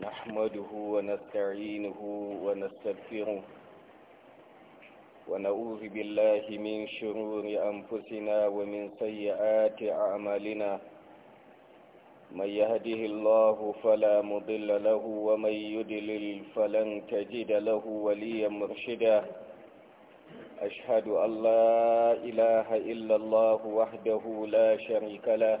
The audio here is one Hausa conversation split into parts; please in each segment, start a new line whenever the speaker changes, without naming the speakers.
نحمده ونستعينه ونستغفره ونعوذ بالله من شرور أنفسنا ومن سيئات أعمالنا من يهده الله فلا مضل له ومن يدلل فلن تجد له وليا مرشدا أشهد أن لا إله إلا الله وحده لا شريك له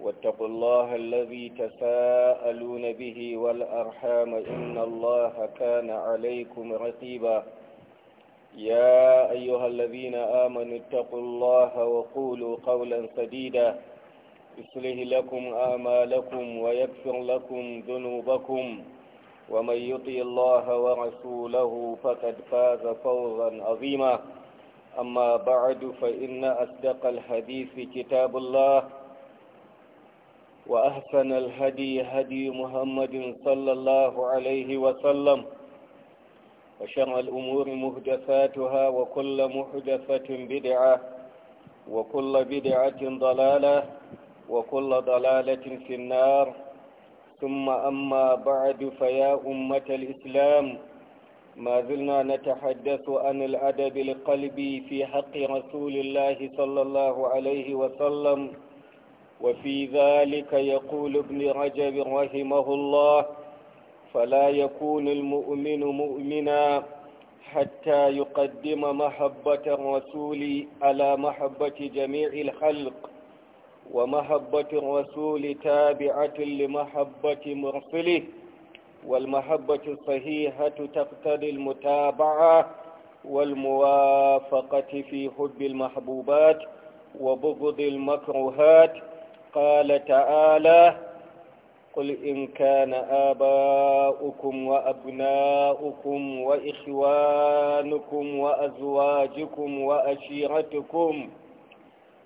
واتقوا الله الذي تساءلون به والأرحام إن الله كان عليكم رقيبا يا أيها الذين آمنوا اتقوا الله وقولوا قولا سديدا يصلح لكم آمالكم ويكفر لكم ذنوبكم ومن يطي الله ورسوله فقد فاز فوزا عظيما أما بعد فإن أصدق الحديث كتاب الله وأحسن الهدي هدي محمد صلى الله عليه وسلم وشر الأمور مهدفاتها وكل مهدفة بدعة وكل بدعة ضلالة وكل ضلالة في النار ثم أما بعد فيا أمة الإسلام ما زلنا نتحدث عن الأدب القلبي في حق رسول الله صلى الله عليه وسلم وفي ذلك يقول ابن رجب رحمه الله فلا يكون المؤمن مؤمنا حتى يقدم محبة الرسول على محبة جميع الخلق ومحبة الرسول تابعة لمحبة مرسله والمحبة الصحيحة تقتضي المتابعة والموافقة في حب المحبوبات وبغض المكروهات قال تعالى قل إن كان آباؤكم وأبناؤكم وإخوانكم وأزواجكم وأشيرتكم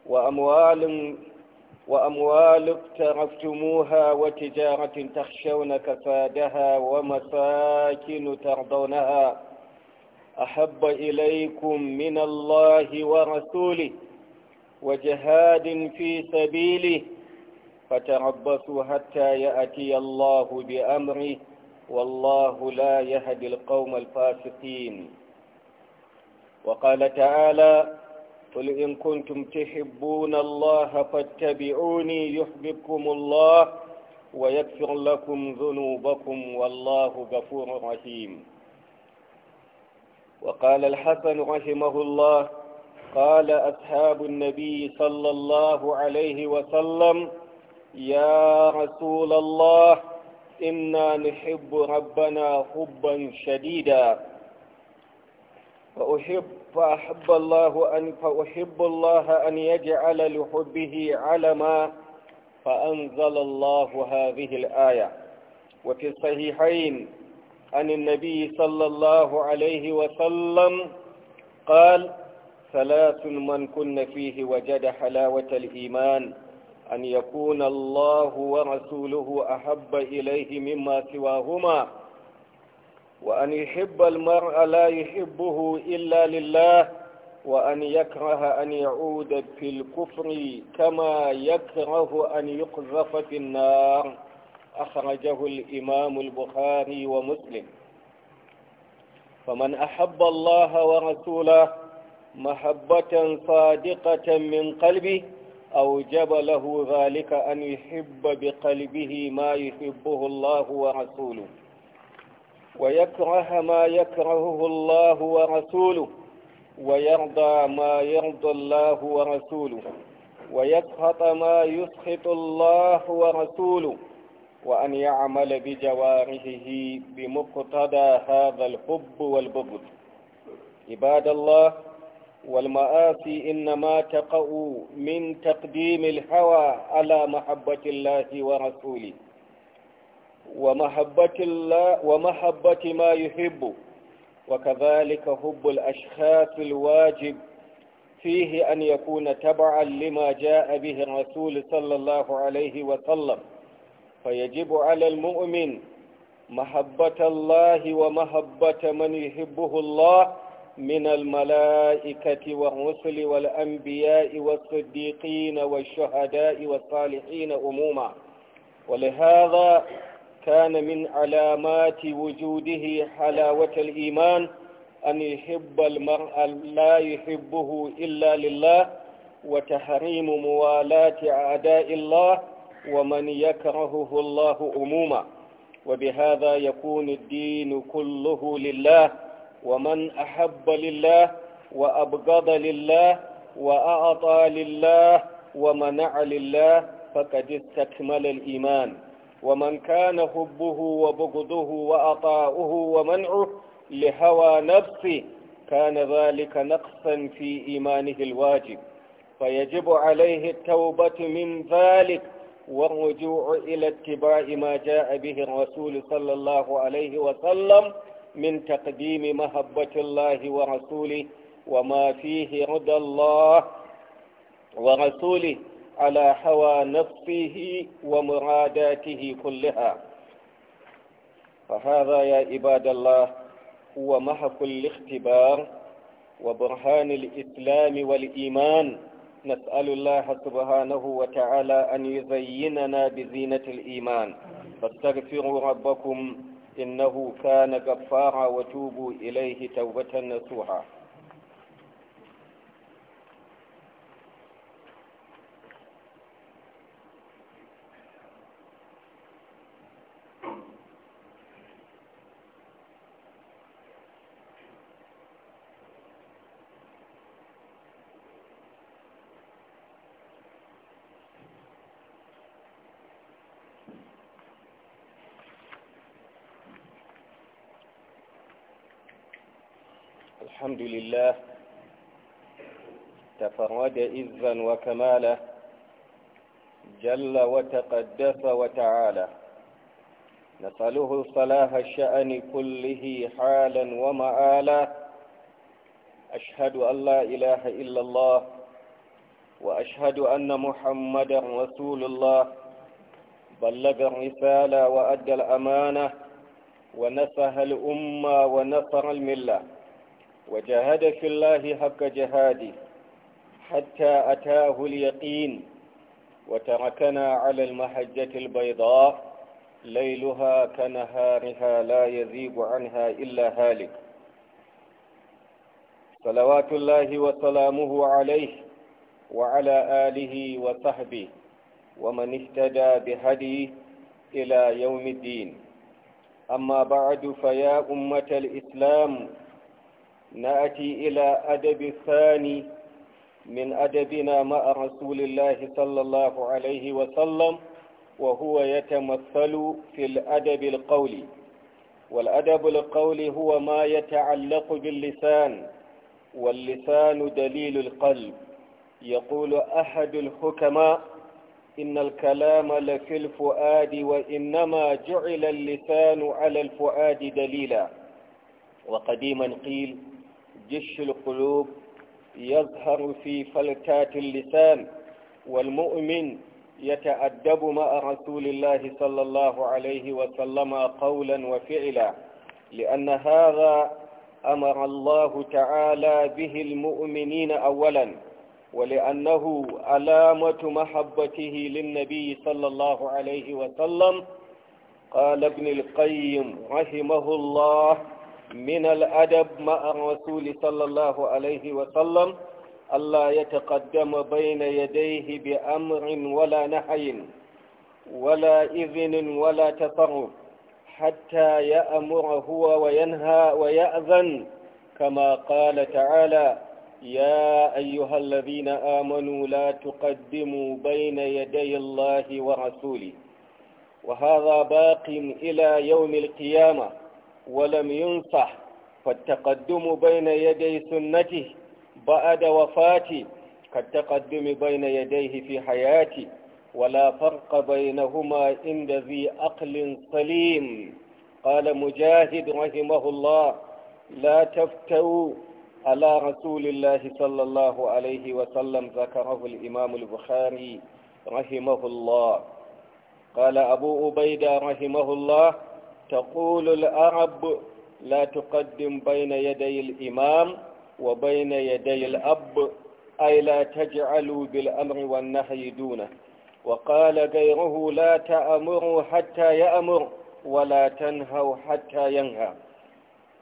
وأموال وأموال اقترفتموها وتجارة تخشون كفادها ومساكن ترضونها أحب إليكم من الله ورسوله وجهاد في سبيله فتربصوا حتى يأتي الله بأمره والله لا يهدي القوم الفاسقين وقال تعالى قل إن كنتم تحبون الله فاتبعوني يحببكم الله ويغفر لكم ذنوبكم والله غفور رحيم وقال الحسن رحمه الله قال أصحاب النبي صلى الله عليه وسلم يا رسول الله إنا نحب ربنا حبا شديدا فأحب فأحب الله أن فأحب الله أن يجعل لحبه علما فأنزل الله هذه الآية وفي الصحيحين عن النبي صلى الله عليه وسلم قال ثلاث من كن فيه وجد حلاوة الإيمان أن يكون الله ورسوله أحب إليه مما سواهما وأن يحب المرء لا يحبه إلا لله وأن يكره أن يعود في الكفر كما يكره أن يقذف في النار أخرجه الإمام البخاري ومسلم فمن أحب الله ورسوله محبة صادقة من قلبه أوجب له ذلك أن يحب بقلبه ما يحبه الله ورسوله ويكره ما يكرهه الله ورسوله ويرضى ما يرضى الله ورسوله ويسخط ما يسخط الله ورسوله وأن يعمل بجوارحه بمقتضى هذا الحب والبغض عباد الله والمآسي إنما تقع من تقديم الهوى على محبة الله ورسوله ومحبة الله ومحبة ما يحب وكذلك حب الأشخاص الواجب فيه أن يكون تبعا لما جاء به الرسول صلى الله عليه وسلم فيجب على المؤمن محبة الله ومحبة من يحبه الله من الملائكة والرسل والأنبياء والصديقين والشهداء والصالحين أموما ولهذا كان من علامات وجوده حلاوة الإيمان أن يحب المرء لا يحبه إلا لله وتحريم موالاة أعداء الله ومن يكرهه الله أموما وبهذا يكون الدين كله لله ومن أحب لله وأبغض لله وأعطى لله ومنع لله فقد استكمل الإيمان ومن كان حبه وبغضه وعطاؤه ومنعه لهوى نفسه كان ذلك نقصا في إيمانه الواجب فيجب عليه التوبة من ذلك والرجوع إلى اتباع ما جاء به الرسول صلى الله عليه وسلم من تقديم محبة الله ورسوله وما فيه رضا الله ورسوله على هوى نفسه ومراداته كلها فهذا يا عباد الله هو محك الاختبار وبرهان الإسلام والإيمان نسأل الله سبحانه وتعالى أن يزيننا بزينة الإيمان فاستغفروا ربكم إنه كان غفارا وتوبوا إليه توبة نصوحا الحمد لله تفرد إذا وكمالا جل وتقدس وتعالى نسأله صلاح الشأن كله حالا ومآلا أشهد أن لا إله إلا الله وأشهد أن محمدا رسول الله بلغ الرسالة وأدى الأمانة ونصح الأمة ونصر الملة وجاهد في الله حق جهاده حتى أتاه اليقين وتركنا على المحجة البيضاء ليلها كنهارها لا يذيب عنها إلا هالك صلوات الله وسلامه عليه وعلى آله وصحبه ومن اهتدى بهدي إلى يوم الدين أما بعد فيا أمة الإسلام نأتي إلى أدب الثاني من أدبنا مع رسول الله صلى الله عليه وسلم وهو يتمثل في الأدب القولي والأدب القولي هو ما يتعلق باللسان واللسان دليل القلب يقول أحد الحكماء إن الكلام لفي الفؤاد وإنما جعل اللسان على الفؤاد دليلا وقديما قيل جش القلوب يظهر في فلتات اللسان والمؤمن يتأدب مع رسول الله صلى الله عليه وسلم قولا وفعلا لأن هذا أمر الله تعالى به المؤمنين أولا ولأنه علامة محبته للنبي صلى الله عليه وسلم قال ابن القيم رحمه الله من الأدب مع الرسول صلى الله عليه وسلم ألا يتقدم بين يديه بأمر ولا نحي ولا إذن ولا تصرف حتى يأمر هو وينهى ويأذن كما قال تعالى يا أيها الذين آمنوا لا تقدموا بين يدي الله ورسوله وهذا باق إلى يوم القيامة ولم ينصح فالتقدم بين يدي سنته بعد وفاتي كالتقدم بين يديه في حياتي ولا فرق بينهما عند ذي عقل سليم قال مجاهد رحمه الله لا تفتوا على رسول الله صلى الله عليه وسلم ذكره الإمام البخاري رحمه الله قال أبو عبيدة رحمه الله تقول العرب لا تقدم بين يدي الإمام وبين يدي الأب أي لا تجعلوا بالأمر والنهي دونه وقال غيره لا تأمروا حتى يأمر ولا تنهوا حتى ينهى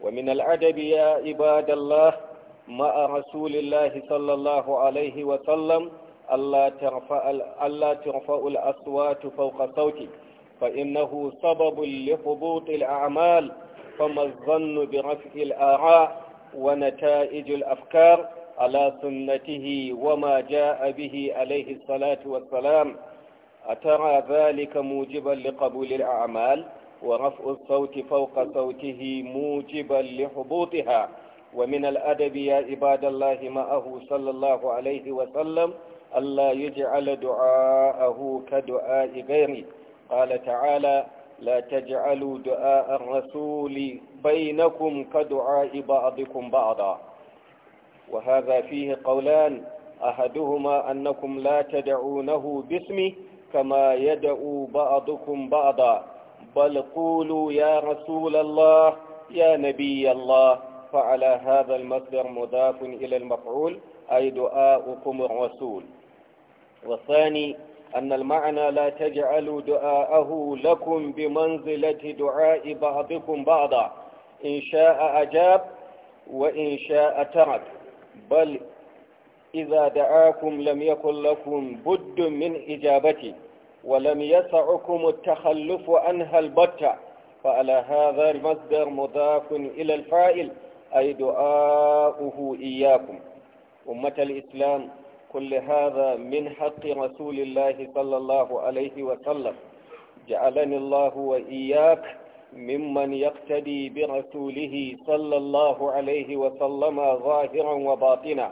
ومن العدب يا عباد الله مع رسول الله صلى الله عليه وسلم ألا ترفع, ألا ترفع الأصوات فوق صوتك فإنه سبب لهبوط الأعمال فما الظن برفع الآراء ونتائج الأفكار على سنته وما جاء به عليه الصلاة والسلام أترى ذلك موجبا لقبول الأعمال ورفع الصوت فوق صوته موجبا لحبوطها ومن الأدب يا عباد الله معه صلى الله عليه وسلم ألا يجعل دعاءه كدعاء غيره قال تعالى لا تجعلوا دعاء الرسول بينكم كدعاء بعضكم بعضا وهذا فيه قولان أحدهما أنكم لا تدعونه باسمه كما يدعو بعضكم بعضا بل قولوا يا رسول الله يا نبي الله فعلى هذا المصدر مضاف إلى المفعول أي دعاؤكم الرسول والثاني أن المعنى لا تجعلوا دعاءه لكم بمنزلة دعاء بعضكم بعضا إن شاء أجاب وإن شاء ترك بل إذا دعاكم لم يكن لكم بد من إجابته ولم يسعكم التخلف عنها البتة فعلى هذا المصدر مضاف إلى الفاعل أي دعاؤه إياكم أمة الإسلام كل هذا من حق رسول الله صلى الله عليه وسلم جعلني الله وإياك ممن يقتدي برسوله صلى الله عليه وسلم ظاهرا وباطنا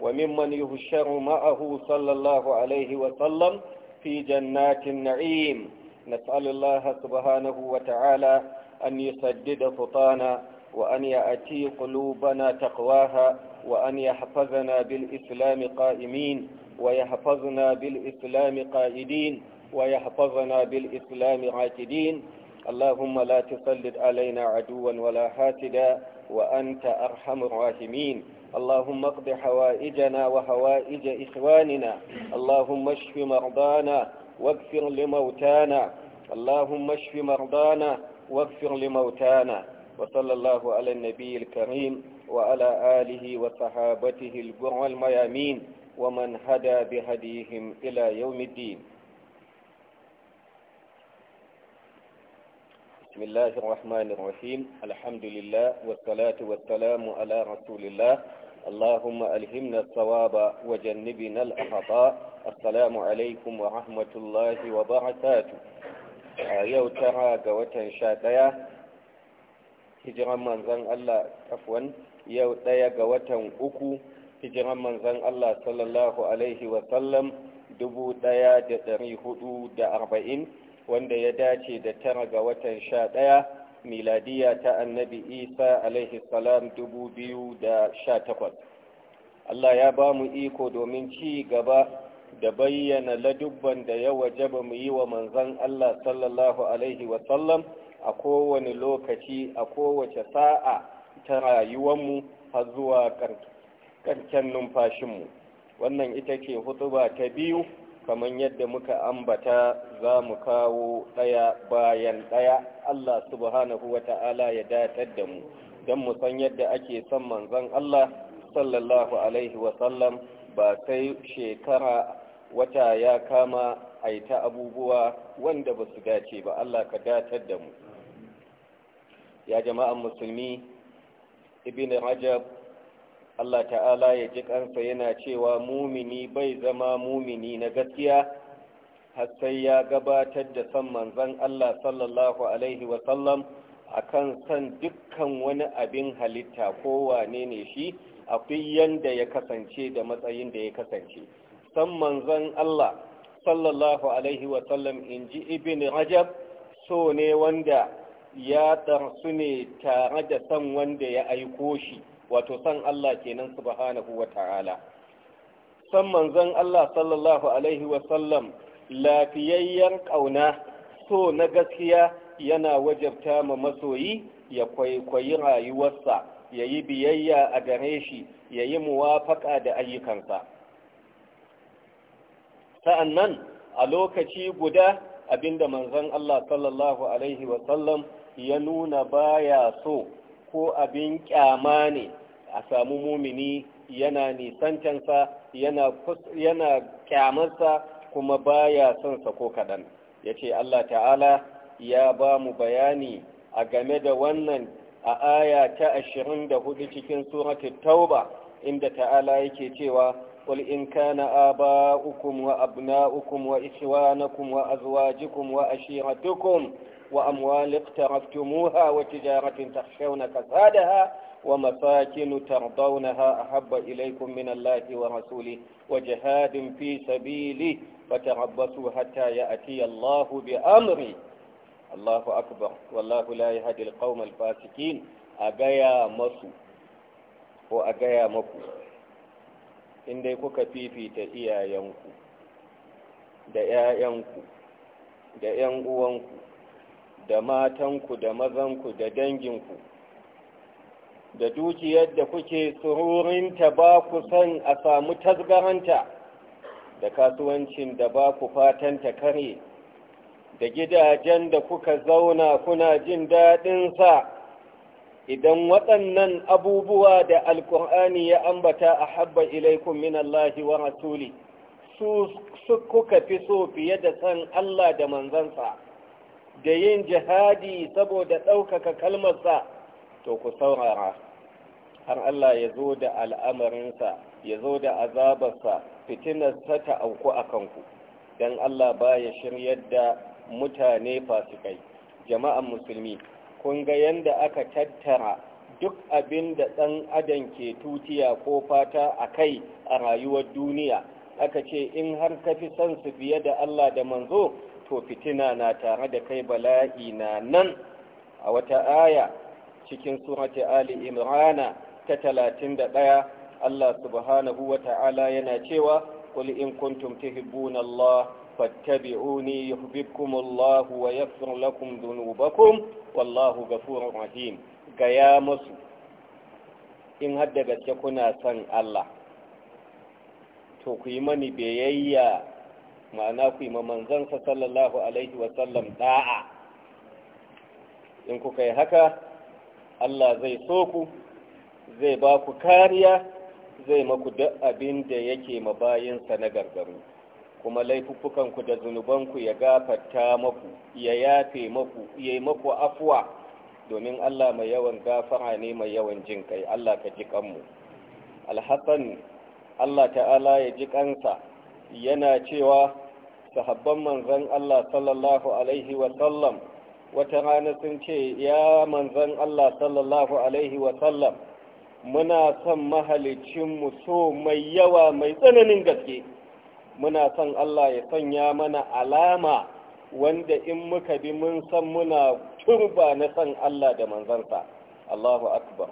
وممن يهشر معه صلى الله عليه وسلم في جنات النعيم نسأل الله سبحانه وتعالى أن يسدد فطانا وأن يأتي قلوبنا تقواها وأن يحفظنا بالإسلام قائمين ويحفظنا بالإسلام قائدين ويحفظنا بالإسلام عاكدين اللهم لا تسلط علينا عدوا ولا حاسدا وأنت أرحم الراحمين اللهم اقض حوائجنا وحوائج إخواننا اللهم اشف مرضانا واغفر لموتانا اللهم اشف مرضانا واغفر لموتانا وصلى الله على النبي الكريم وعلى آله وصحابته البر الميامين ومن هدى بهديهم إلى يوم الدين بسم الله الرحمن الرحيم الحمد لله والصلاة والسلام على رسول الله اللهم ألهمنا الصواب وجنبنا الأخطاء السلام عليكم ورحمة الله وبركاته yau tara ga watan sha ɗaya hijiran manzan Allah afwan yau ɗaya ga watan uku hijiran manzan Allah sallallahu Alaihi wasallam dubu ɗaya da ɗari hudu da arba'in wanda ya dace da tara ga watan sha ɗaya miladiya ta annabi isa alaihi salam dubu biyu da sha takwas Allah ya ba mu iko domin ci gaba da bayyana ladubban da ya wajaba mu yi wa manzan Allah sallallahu alaihi wasallam a kowane lokaci a kowace sa'a ta rayuwar mu har zuwa ƙarshen mu wannan ita ce hutuba ta biyu kamar yadda muka ambata za mu kawo ɗaya bayan ɗaya Allah subhanahu wa ta'ala ya datar da mu don mu san yadda ake son manzon Allah sallallahu alaihi wasallam ba sai shekara wata ya kama aita abubuwa wanda ba su dace ba Allah ka datar da mu ya jama'an musulmi ibn rajab Allah ta'ala ya ji kansa yana cewa mumini bai zama mumini na gaskiya har sai ya gabatar da san manzon Allah sallallahu alaihi wasallam akan san dukkan wani abin halitta ko wane ne shi a yanda ya kasance da matsayin da ya kasance san manzon Allah sallallahu alaihi wasallam in ji ibn rajab so ne wanda ya ɗarsu ne tare da san wanda ya aiko shi wato san Allah kenan subhanahu wa ta'ala san manzon Allah sallallahu alaihi wasallam lafiyayyen ƙauna so na gaskiya yana wajabta ma masoyi ya kwaikwayi rayuwarsa ya yi biyayya a gare shi ya yi muwafaka da ayyukansa sa'annan a lokaci guda abinda manzon Allah sallallahu alaihi wasallam ya nuna baya so ko abin kyama ne a samu mumini yana nisantansa yana yana kyamarsa kuma baya son sa ko kadan yace Allah ta'ala ya ba mu bayani a game da wannan a aya ta da hudu cikin suratul tauba inda ta'ala yake cewa قل إن كان آباؤكم وأبناؤكم وإخوانكم وأزواجكم وأشيرتكم وأموال اقترفتموها وتجارة تخشون كسادها ومساكن ترضونها أحب إليكم من الله ورسوله وجهاد في سبيله فتربصوا حتى يأتي الله بأمره الله أكبر والله لا يهدي القوم الفاسقين أجايا مصو وأجايا مكو إن ديكوك في في تهيا ينكو da ‘ya'yanku da ‘yan uwanku da matanku da mazanku da danginku da dukiyar da kuke tsururinta ba ku san a samu tasgaranta da kasuwancin da ba ku fatanta kare da gidajen da kuka zauna kuna jin sa, idan waɗannan abubuwa da alkur'ani ya ambata a habba ilaikun min Allahi wa rasuli su kuka fi so fiye da san Allah da manzansa da yin jihadi saboda ɗaukaka kalmarsa to ku saurara har Allah ya zo da al'amarinsa ya zo da azabarsa fitinarsa ta auku a kanku don Allah ba ya shiryar da mutane fasikai jama'an musulmi kun ga yadda aka tattara duk abin da ɗan adam ke tutiya ko fata a kai a rayuwar duniya aka ce in har ka fi son su fiye da Allah da manzo to fitina na tare da kai bala'i na nan a wata aya cikin surati ali imrana ta 31 Allah subhanahu wa ta'ala yana cewa qul in kuntum tuhibbuna Allah fattabi'uni yuhibbukum Allah wa yaghfir lakum dhunubakum wallahu ghafurur rahim gaya musu in har da gaske kuna son Allah to ku yi mani biyayya ma'ana ku yi sa sallallahu alaihi wasallam da'a in ku kai haka Allah zai so ku zai ba ku kariya zai maku duk abin da yake mabayinsa na gargaru kuma ku da ku ya gafarta maku ya yafe maku ya yi maku afuwa domin Allah mai yawan gafara ne mai yawan jin kai Allah ka ji kanmu alhassan Allah ta'ala ya ji kansa yana cewa sahabban manzan Allah sallallahu alaihi wasallam wata rana sun ce ya manzan Allah sallallahu alaihi wasallam muna son mahalicinmu so mai yawa mai tsananin gaske muna son Allah ya sanya mana alama wanda in muka bi mun san muna turba na son Allah da manzansa Allahu akbar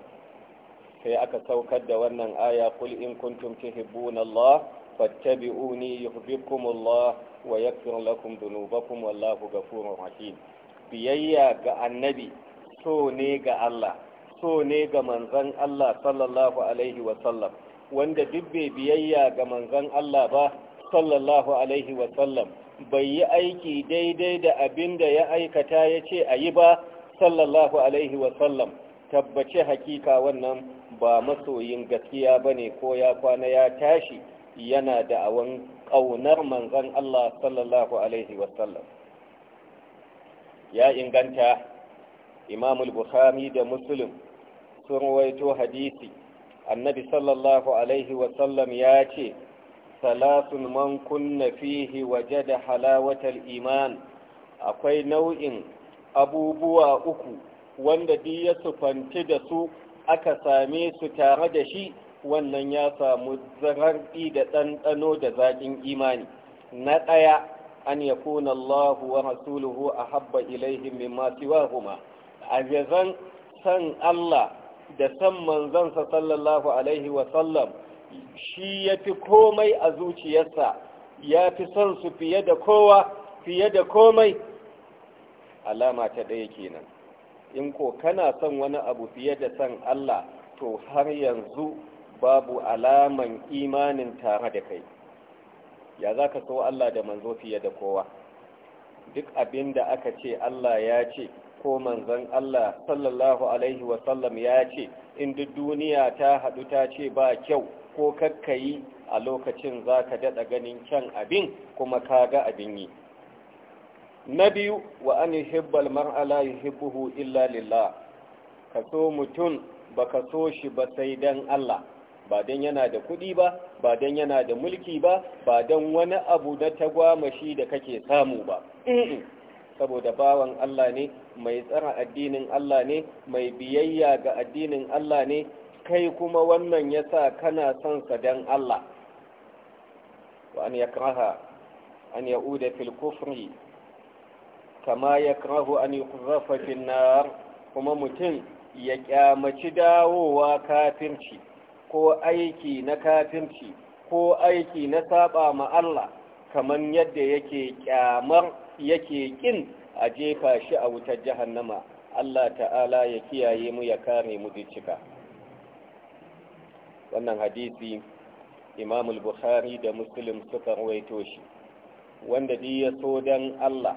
sai aka saukar da wannan aya kul in kuntum tuhibbuna Allah fattabi'uni yuhibbukum Allah wa yaghfir lakum dhunubakum wallahu ghafurur rahim biyayya ga annabi so ne ga Allah so ne ga manzon Allah sallallahu alaihi wa sallam wanda duk bai biyayya ga manzon Allah ba sallallahu alaihi wa sallam bai yi aiki daidai da abin da ya aikata yace ayi a yi ba sallallahu alaihi wa sallam tabbace hakika wannan ba masoyin gaskiya ba ne ko ya kwana ya tashi yana da awon ƙaunar manzan Allah sallallahu Alaihi wasallam ya inganta imamul bukhari da muslim sun waito hadisi annabi sallallahu Alaihi wasallam ya ce salasun man kunna fihi waje da halawatar iman akwai nau'in abubuwa uku wanda duk ya sufanti da su aka same su tare da shi wannan ya samu zararɗi da ɗanɗano da zaƙin imani na ɗaya an ya kuna Allah wa rasuluhu a habba ilaihim mimma siwahuma a zan san Allah da san manzansa sallallahu alaihi wa sallam shi ya fi komai a zuciyarsa ya fi son su fiye da kowa fiye da komai alama ta ɗaya kenan in ko kana son wani abu fiye da son Allah to har yanzu babu alaman imanin tare da kai ya za ka so Allah da manzo fiye da kowa duk abin da aka ce Allah ya ce ko manzon Allah sallallahu alaihi wasallam ya ce in duk duniya ta hadu ta ce ba kyau ko kakkayi a lokacin za ka daɗa ganin kyan abin kuma ka ga abin yi na biyu wa an yuhibbal mar'a yuhibbuhu illa lillah ka so mutum baka so shi ba sai dan Allah ba dan yana da kuɗi ba ba dan yana da mulki ba ba dan wani abu na tagwamashi da kake samu ba saboda bawan Allah ne mai tsara addinin Allah ne mai biyayya ga addinin Allah ne kai kuma wannan yasa kana son sa dan Allah wa an yakraha an ya'uda fil kufri kama ya krahu an yuqzafa fin nar kuma mutum ya kyamaci dawowa kafirci ko aiki na kafirci ko aiki na saba ma Allah kaman yadda yake kyamar yake kin a jefa shi a wutar jahannama Allah ta'ala ya kiyaye mu ya kare mu dicika wannan hadisi Imam al-Bukhari da Muslim suka rawaito shi wanda dai ya so dan Allah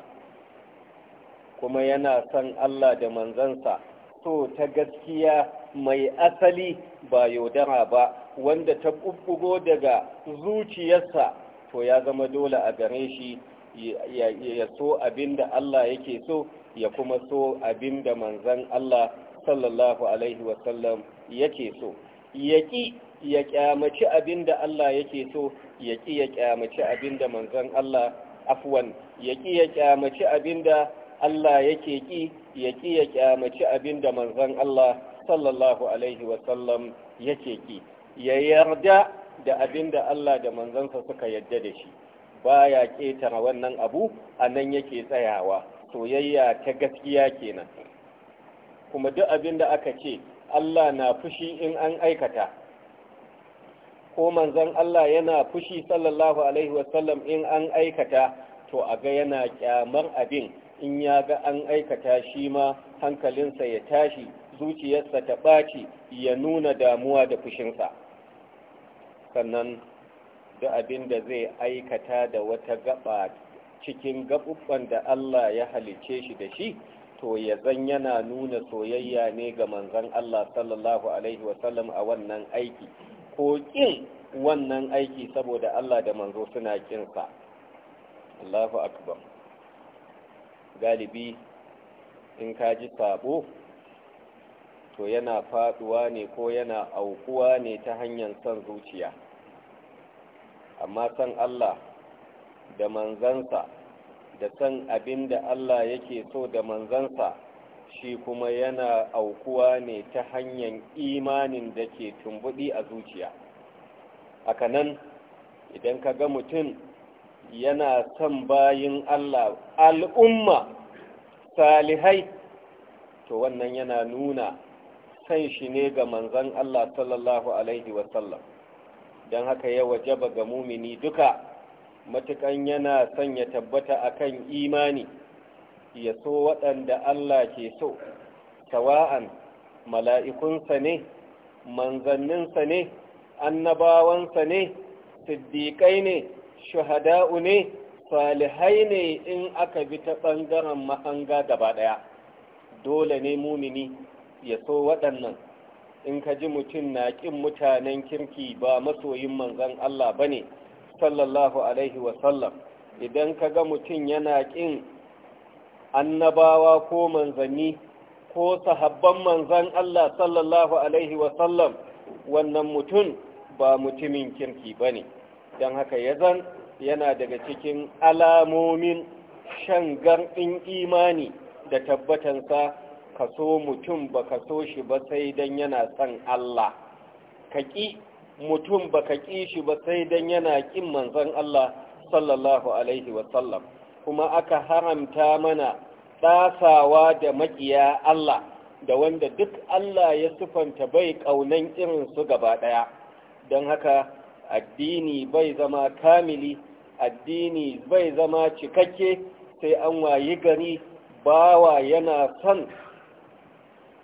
kuma yana son Allah da manzansa so ta gaskiya mai asali ba yaudara ba wanda ta ƙuɓɓugo daga zuciyarsa to ya zama dole a gare shi ya so abin da Allah yake so ya kuma so abin da manzan Allah sallallahu alaihi wasallam yake so yaƙi ya ƙyamaci abin da Allah yake so yaƙi ya ƙyamaci abin da manzan Allah afwan yaƙi ya ƙyamaci abin da Allah yake ki ya ƙi ya ƙyamaci abin da manzon Allah sallallahu alaihi wasallam yake ƙi, ya yarda da abin da Allah da manzansa suka yarda da shi baya ƙeta wannan abu a nan yake tsayawa soyayya ta gaskiya kenan kuma duk abin da aka ce Allah na fushi in an aikata ko manzon Allah yana fushi sallallahu alaihi wasallam in an aikata to a ga yana kyamar abin in ya ga an aikata shi ma hankalinsa ya tashi zuciyarsa ta ɓaci ya nuna damuwa da fushinsa sannan da abin da zai aikata da wata gaba cikin gaɓuɓɓen da Allah ya halice shi da shi to ya zan yana nuna soyayya ne ga manzan Allah sallallahu Alaihi wasallam a wannan aiki ko ƙin wannan aiki saboda Allah da manzo suna ƙinsa Allahu akbar galibi in ka ji sabo to yana faduwa ne ko yana aukuwa ne ta hanyar son zuciya amma san Allah da manzansa da san abin da Allah yake so da manzansa shi kuma yana aukuwa ne ta hanyar imanin da ke tumbudi a zuciya hakanan idan ka ga mutum yana son bayin Allah al'umma salihai to wannan yana nuna san shi ne ga manzan Allah sallallahu Alaihi wasallam don haka ya wajaba ga mumini duka matukan yana son ya tabbata akan imani ya so waɗanda Allah ke so sawa'an mala'ikunsa ne manzanninsa ne annabawansa ne siddiƙai ne shuhada'u ne salihai ne in aka bi ta ɓangaren mahanga gaba ɗaya dole ne mumini ya so waɗannan in ka ji mutum na ƙin mutanen kirki ba masoyin manzan Allah ba ne sallallahu alaihi wasallam idan ka ga mutum yana ƙin annabawa ko manzanni ko sahabban manzan Allah sallallahu alaihi wasallam wannan mutum ba mutumin kirki ba ne don haka ya zan yana daga cikin alamomin shan garɗin imani da tabbatansa ka so mutum ba ka so shi ba sai don yana son Allah ka mutum ba ka ƙi shi ba sai don yana ƙin manzon Allah sallallahu alaihi wasallam kuma aka haramta mana tsasawa da maƙiya Allah da wanda duk Allah ya sufanta bai ƙaunan irinsu gaba ɗaya don haka addini bai zama kamili addini bai zama cikakke sai an wayi gari bawa yana son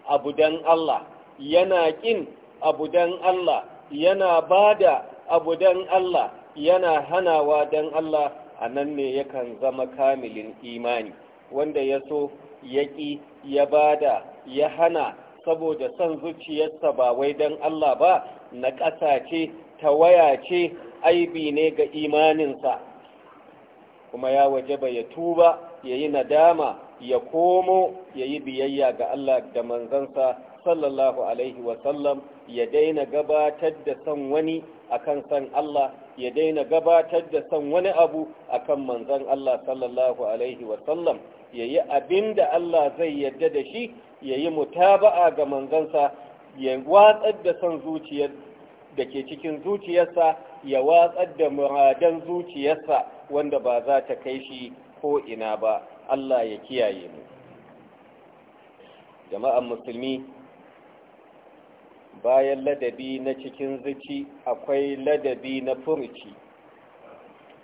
abudan Allah yana kin abudan Allah yana bada abudan Allah yana hanawa dan Allah a nan ne yakan zama kamilin imani wanda ya so ya ƙi ya bada ya hana saboda son zuciyarsa ba wai dan Allah ba na ƙasa ce tawaya ce aibi ne ga imaninsa kuma ya wajaba ya tuba ya yi nadama ya komo ya yi biyayya ga Allah da manzansa sallallahu alaihi wasallam ya daina gabatar da son wani akan san Allah ya daina gabatar da son wani abu akan manzan Allah sallallahu alaihi wasallam ya yi abin da Allah zai yadda da shi ya yi mutaba'a ga manzansa ya watsar da son zuciyar da ke cikin zuciyarsa ya watsar da muradan zuciyarsa wanda ba za ta kai shi ko ina ba Allah ya kiyaye mu jama'an musulmi bayan ladabi na cikin zuci akwai ladabi na furuci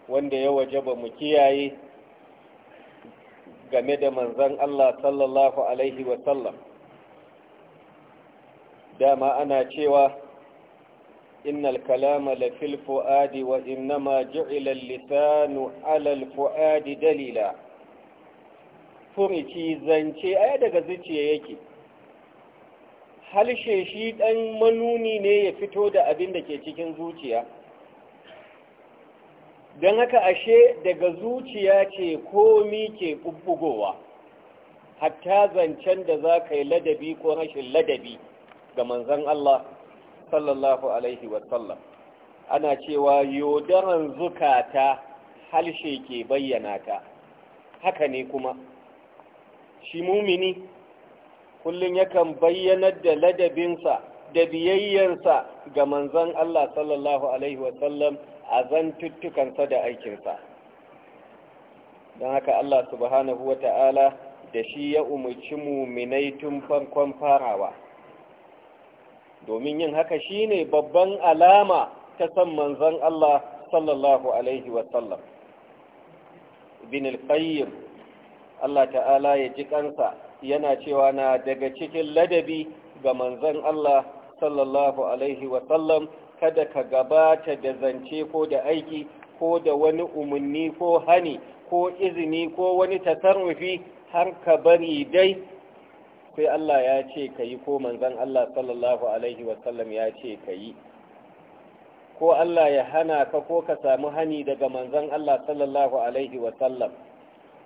wanda ya ba mu kiyaye game da manzan Allah sallallahu alaihi wasallam dama ana cewa إن الكلام لفي الفؤاد وإنما جعل اللسان على الفؤاد دليلا furici zance ai daga zuciya yake halshe shi ɗan manuni ne ya fito da abin da ke cikin zuciya don haka ashe daga zuciya ce komi ke ƙubbugowa hatta zancen da za ka yi ladabi ko rashin ladabi ga manzan Allah sallallahu alaihi wasallam ana cewa yodaran zukata halshe ke bayyana ta haka ne kuma shi mumini kullum yakan bayyanar da ladabinsa da biyayyarsa ga manzon Allah sallallahu alaihi wasallam a zantuttukansa da aikinsa don haka Allah subhanahu wa ta'ala da shi ya umarci muminai tun farkon farawa domin yin haka shi ne babban alama ta san manzan Allah sallallahu alaihi wasallam ibn al-qayyim Allah ta'ala ya ji kansa yana cewa na daga cikin ladabi ga manzan Allah sallallahu alaihi wasallam kada ka gabata da zance ko da aiki ko da wani umarni ko hani ko izini ko wani tasarrufi har ka bari dai sai Allah ya ce ka yi ko manzan Allah sallallahu Alaihi wasallam ya ce ka yi ko Allah ya hana ka ko ka samu hani daga manzan Allah sallallahu Alaihi wasallam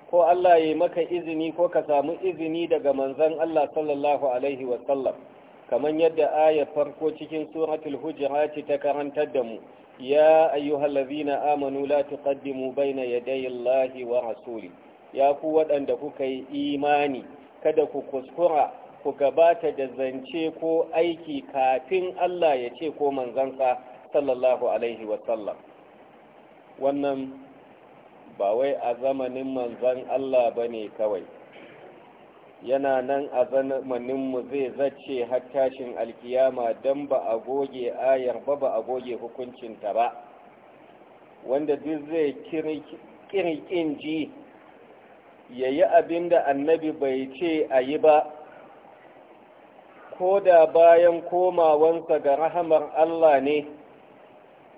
ko Allah ya maka izini ko ka samu izini daga manzan Allah sallallahu Alaihi wasallam kamar yadda ayar farko cikin suratul hujurati ta karantar da mu ya ayyuhallazina amanu la tuqaddimu baina yadayi Allahi wa rasuli ya ku waɗanda kuka yi imani kada ku kuskura ku gabata da zance ko aiki kafin Allah ya ce ko manzansa sallallahu alaihi wasallam wannan ba wai a zamanin manzan Allah ba ne kawai yana nan a zamaninmu zai zace har tashin alkiyama don ba a goge ayar ba ba a goge hukuncinta ba wanda duk zai kirkin ji ya yi abin da annabi bai ce a yi ba ko da bayan komawansa ga rahamar Allah ne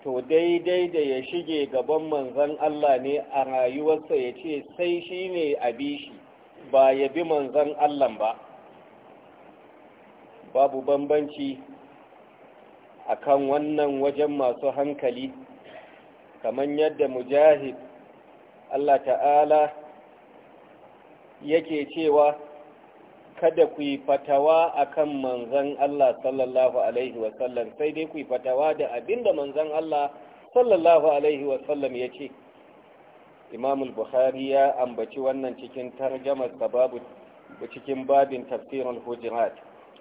to daidai da ya shige gaban manzan Allah ne a rayuwarsa ya ce sai shi ne a bi shi ba ya bi manzan Allah ba babu bambanci kan wannan wajen masu hankali kamar yadda mujahid Allah ta'ala yake cewa kada ku yi fatawa akan manzan Allah sallallahu alaihi wasallam sai dai ku yi fatawa da abinda manzan Allah sallallahu alaihi wasallam ya ce imam al ya ambaci wannan cikin tarjamar sababu cikin babin tafsirin hujurat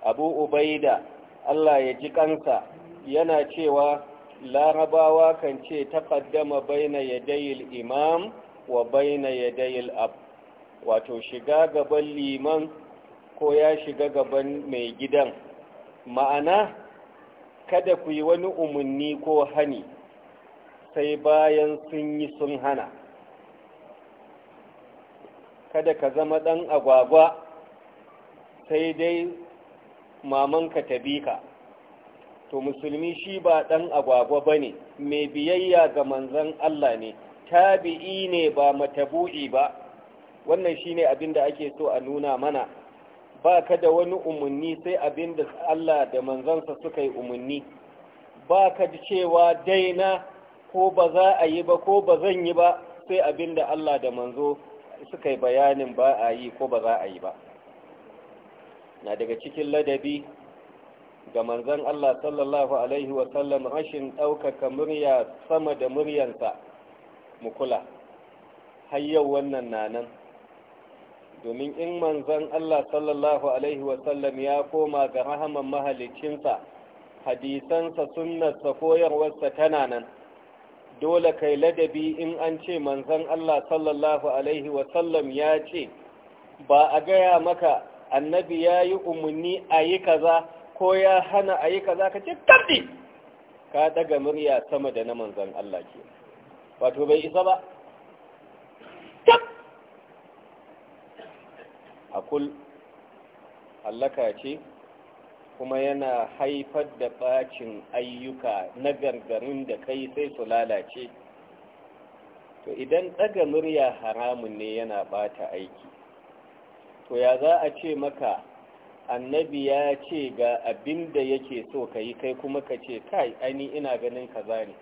abu ubaida Allah ya ji kansa yana cewa larabawa kan ce taqaddama baina yadayil imam wa baina yadayil ab wato shiga gaban liman ko ya shiga gaban mai gidan ma'ana kada ku yi wani umarni ko hani sai bayan sun yi sun hana kada ka zama ɗan agwagwa sai dai mamanka ta bi ka to musulmi shi ba ɗan agwagwa ba ne mai biyayya ga manzan Allah ne tabi'i ne ba matabu'i ba wannan shine abin da ake so a nuna mana ba ka da wani umarni sai abin da Allah da manzansa suka yi umarni ba ka da cewa daina ko ba za a yi ba ko ba zan yi ba sai abin da Allah da manzo suka yi bayanin ba a yi ko ba za a yi ba na daga cikin ladabi ga manzan Allah sallallahu Alaihi wasallam rashin ɗaukaka murya sama da muryansa mukula har yau wannan nanan domin in manzan Allah sallallahu Alaihi wasallam ya koma ga rahaman mahalicinsa hadisansa sunnarsa koyarwarsa tana nan dole kai ladabi in an ce manzan Allah sallallahu Alaihi wasallam ya ce ba a gaya maka annabi ya yi umarni a yi kaza ko ya hana a yi kaza ka ce tardi ka daga murya sama da na manzan Allah ke wato bai isa ba akul hallaka ce kuma yana haifar da bacin ayyuka na gargarin da kai sai su lalace to idan daga murya haramun ne yana bata aiki to ya za a ce maka annabi ya ce ga abin da yake so ka yi kai kuma ka ce kai aini ina ganin kaza ne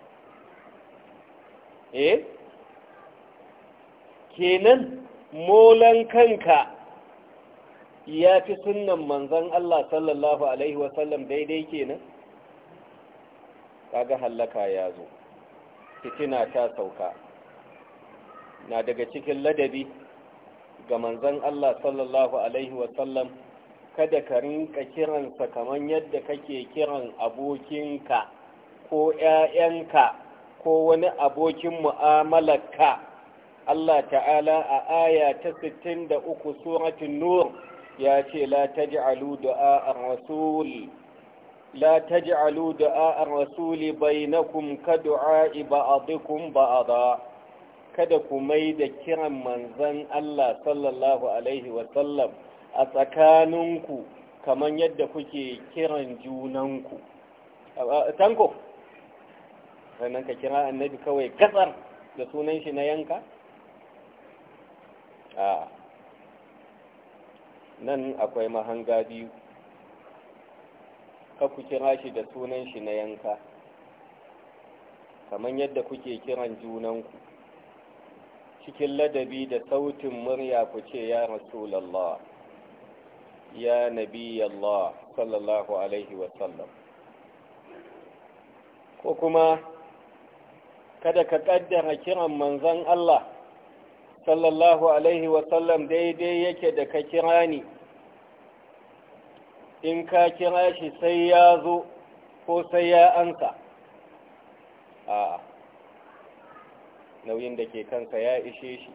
eh kenan molan kanka ya fi sunan manzan Allah sallallahu Alaihi wasallam daidai kenan kaga hallaka ya zo fitina ta sauka na daga cikin ladabi ga manzan Allah sallallahu Alaihi wasallam kada ka rinka kiransa kamar yadda kake kiran abokinka ko ‘ya'yanka ko wani abokin mu'amalarka Allah ta'ala a aya ta uku suratun nur ya ce la alu da a rasuli la taj'alu du'a ar-rasuli kum ka du'a'i a ba kada ku mai da kiran manzan Allah sallallahu alaihi wa sallam a tsakaninku kamar yadda kuke kiran junanku tanko sannan ka kira annabi kawai gatsar da sunan shi na yanka a nan akwai mahanga biyu ka ku kira shi da sunan shi na yanka kamar yadda kuke kiran junanku cikin ladabi da sautin murya ku ce ya rasulallah ya nabi sallallahu alaihi wasallam ko kuma kada ka kaddara kiran manzan Allah sallallahu alaihi wasallam daidai yake da ka kira ni in ka kira shi sai ya zo ko sai ya ansa a nauyin da ke kansa ya ishe shi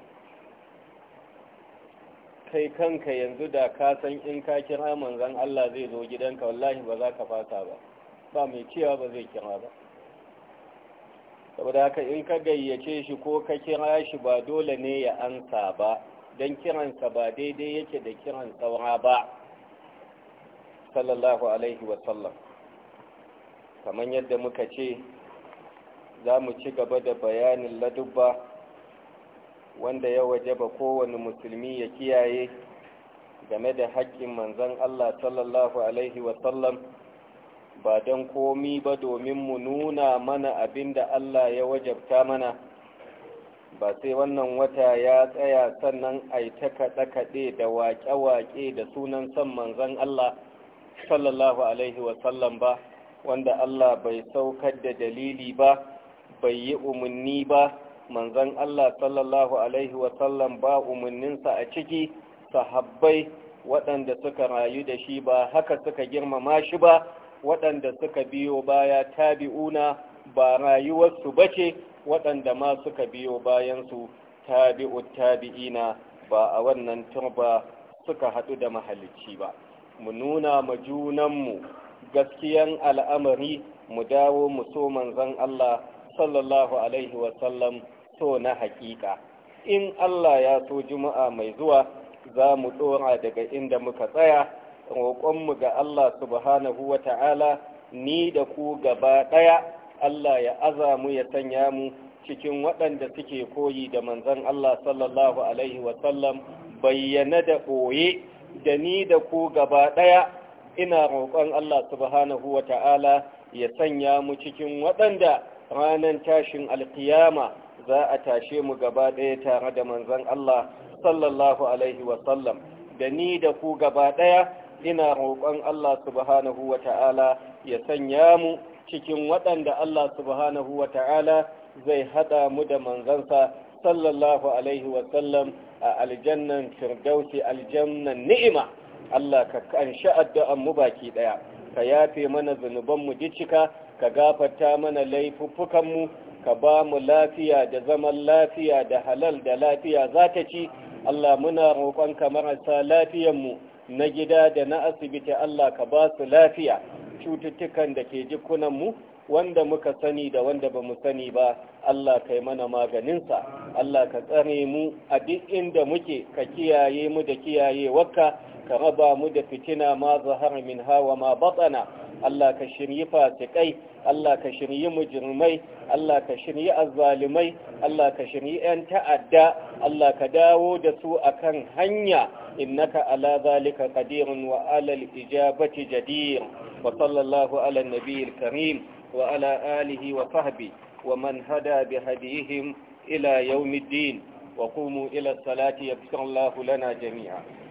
kai kanka yanzu da ka san in ka kira manzan Allah zai zo gidanka wallahi ba za ka fata ba ba mai cewa ba zai kira ba saboda haka in ka gayyace shi ko ka kira shi ba dole ne ya ansa ba don kiransa ba daidai yake da kiran saura ba sallallahu alaihi wasallam kamar yadda muka ce za mu ci gaba da bayanin ladubba wanda ya waje ba kowane musulmi ya kiyaye game da haƙƙin manzon Allah sallallahu alaihi wasallam ba don komi ba domin mu nuna mana abin da Allah ya wajabta mana ba sai wannan wata ya tsaya sannan a yi ta kaɗe-kaɗe da waƙe-waƙe da sunan son manzan Allah sallallahu Alaihi wasallam ba wanda Allah bai saukar da dalili ba bai yi umarni ba manzan Allah sallallahu Alaihi wasallam ba umarninsa a ciki sahabbai waɗanda suka rayu da shi ba haka suka girmama shi ba waɗanda suka biyo baya tabi'una ba rayuwarsu ba ce waɗanda ma suka biyo bayansu tabi'u tabi'ina ba a wannan turba suka haɗu da mahalicci ba mu nuna ma junanmu gaskiyan al'amari mu dawo mu so manzan Allah sallallahu alaihi wasallam so na haƙiƙa in Allah ya so juma'a mai zuwa za mu ɗora daga inda muka tsaya roƙonmu ga Allah subhanahu wa ta'ala ni da ku gaba ɗaya Allah ya azamu ya sanya mu cikin waɗanda suke koyi da manzan Allah sallallahu alaihi wasallam bayyana da ɓoye da ni da ku gaba ɗaya ina roƙon Allah subhanahu wa ta'ala ya sanya mu cikin waɗanda ranar tashin alkiyama za a tashe mu gaba ɗaya tare da manzan Allah sallallahu alaihi wasallam da ni da ku gaba ɗaya ina roƙon Allah subhanahu wa ta'ala ya sanya mu cikin waɗanda Allah subhanahu wa ta'ala zai haɗa mu da manzansa sallallahu alaihi wasallam a aljannan firdausi aljannan ni'ima Allah ka kanshi addu'an mu baki ɗaya ka yafe mana zunubanmu dicika ka gafata mana laifuffukanmu ka ba mu lafiya da zaman lafiya da halal da lafiya za ta ci Allah muna roƙon ka marasa lafiyanmu na gida da na asibiti Allah ka ba su lafiya cututtukan da ke jikunanmu wanda muka sani da wanda ba mu sani ba Allah kai mana maganinsa Allah ka tsare mu a duk inda muke ka kiyaye mu da kiyaye wakka ka raba mu da fitina ma zahara min hawa ma batsana Allah ka shirye fasikai Allah ka shirye mujirmai Allah ka shirye azzalimai Allah ka shirye yan ta'adda Allah ka dawo da su akan hanya innaka ala zalika qadirun wa ala al-ijabati jadir wa sallallahu ala nabiyil karim wa ala alihi wa sahbihi wa man hada bihadihim ila yawmiddin وقوموا إلى الصلاة يغفر allahu لنا جميعا